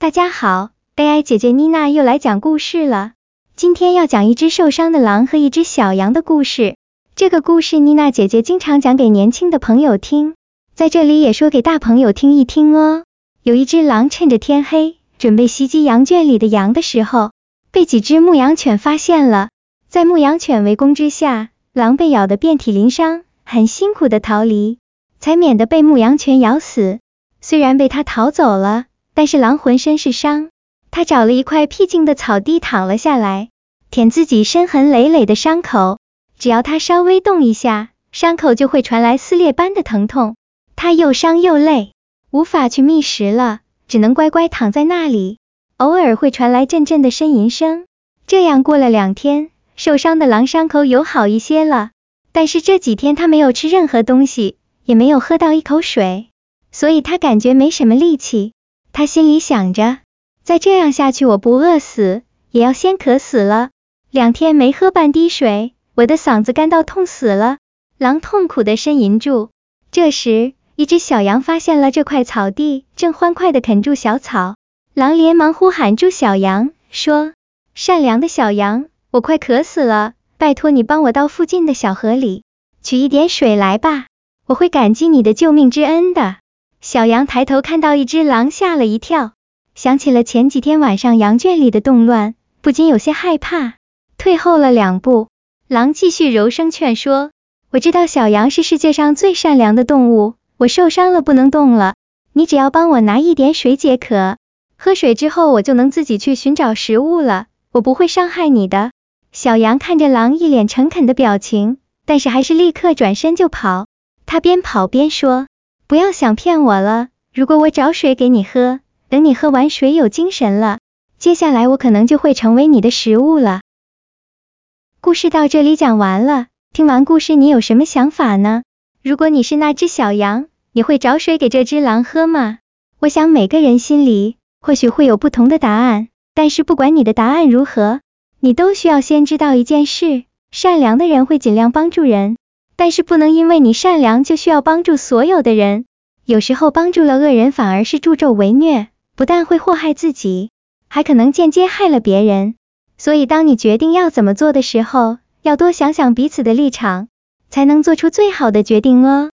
大家好，Ai 姐姐妮娜又來講故事了。今天要講一只受傷的狼和一只小羊的故事。這個故事妮娜姐姐經常講給年輕的朋友聽，在這裡也說給大朋友聽一聽哦。有一只狼趁着天黑，準備襲擊羊圈裡的羊的時候，被幾只牧羊犬發現了。在牧羊犬圍攻之下，狼被咬得遍體鱗傷，很辛苦的逃離，才免得被牧羊犬咬死。雖然被它逃走了。但是狼渾身是傷，它找了一塊僻靜的草地躺了下來，舔自己傷痕累累的傷口。只要它稍微動一下，傷口就會傳來撕裂般的疼痛。他又傷又累，無法去覓食了，只能乖乖躺在那裡，偶爾會傳來陣陣的呻吟聲。這樣過了兩天，受傷的狼傷口有好一些了，但是這幾天它沒有吃任何東西，也沒有喝到一口水，所以它感覺沒什麼力氣。他心裡想着，再這樣下去，我不餓死也要先渴死了。兩天沒喝半滴水，我的嗓子乾到痛死了。狼痛苦的呻吟住。這時，一只小羊發現了這塊草地，正歡快的啃住小草。狼連忙呼喊住小羊，說：“善良的小羊，我快渴死了，拜托你幫我到附近的小河裡取一點水來吧，我會感激你的救命之恩的。”小羊抬頭看到一隻狼，嚇了一跳，想起了前幾天晚上羊圈裡的動亂，不禁有些害怕，退後了兩步。狼繼續柔聲勸說：“我知道小羊是世界上最善良的動物，我受傷了，不能動了，你只要幫我拿一點水解渴，喝水之後我就能自己去尋找食物了，我不會傷害你的。”小羊看着狼一臉誠懇的表情，但是還是立刻轉身就跑。他邊跑邊說，不要想騙我了，如果我找水給你喝，等你喝完水有精神了，接下來我可能就會成為你的食物了。故事到這裡講完了，聽完故事你有什麼想法呢？如果你是那只小羊，你會找水給這只狼喝嗎？我想每個人心裡或許會有不同的答案，但是不管你的答案如何，你都需要先知道一件事，善良的人會盡量幫助人。但是不能因為你善良就需要幫助所有的人，有時候幫助了惡人反而是助紂為虐，不但會禍害自己，還可能間接害了別人。所以，當你決定要怎麼做的時候，要多想想彼此的立場，才能做出最好的決定哦。